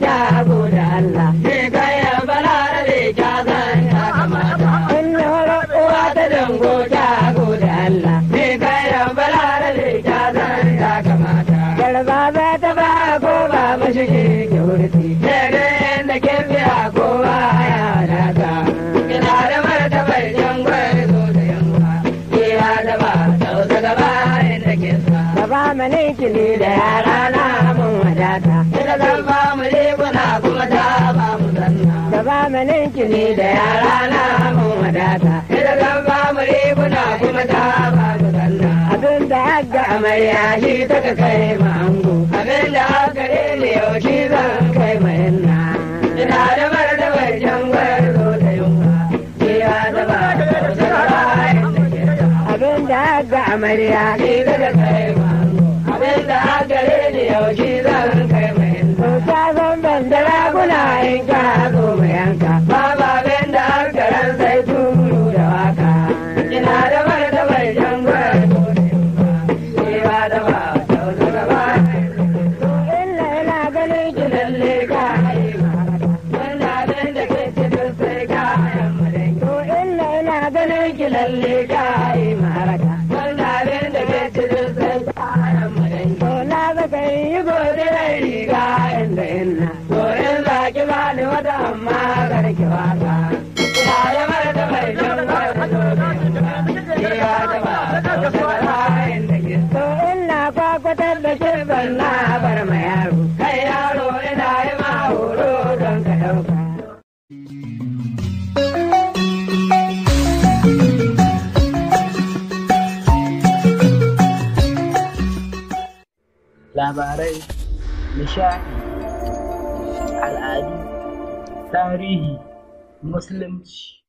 jago da Allah. Ke gaya balarabe ka zan ya kamata. In na hara uwa ta dango jago da Allah. Ke gaya balarabe ka zan ya kamata. Garba zamani kili da yara na mun wadata. Ina zan ba mu lekuna kuma ta ba mu zanna. Da zamanin kili da yara na mun wadata. Ina zan ba mu lekuna kuma ta ba mu zanna. Abin da haka amarya shi ta ka kai ma ango. Abin da haka ne yau shi zan kai ma yanna. Ina da mara da wajen gwarzo da yunwa. Ke ya zaba da wajen ba Abin da haka amarya shi ta ka kai ma abin da a gare ni yau zan kai mai Bauta zan ban da raguna in ka zo mai yanka. Babu abin da har garan sai turu da waka. Ina da bar da bai jan gwar Ni ba da ba sau da ba. Illa yana ganin ki lalle ka ma Wanda abin da ke cikin sai ka Illa yana ganin ki lalle ka yi maraka. kai yi gode da riga inda inna to in za ki ba ni wata amma kar ki ba wasa ya ya mara da mai jan barka to ne ya ta ba to ta inda ki to inna kwakwatar da shirban na bar ma yaro kai yaro ina yi ma horo don ka dauka labarai, nishaɗi, al'adu, tarihi, musulunci.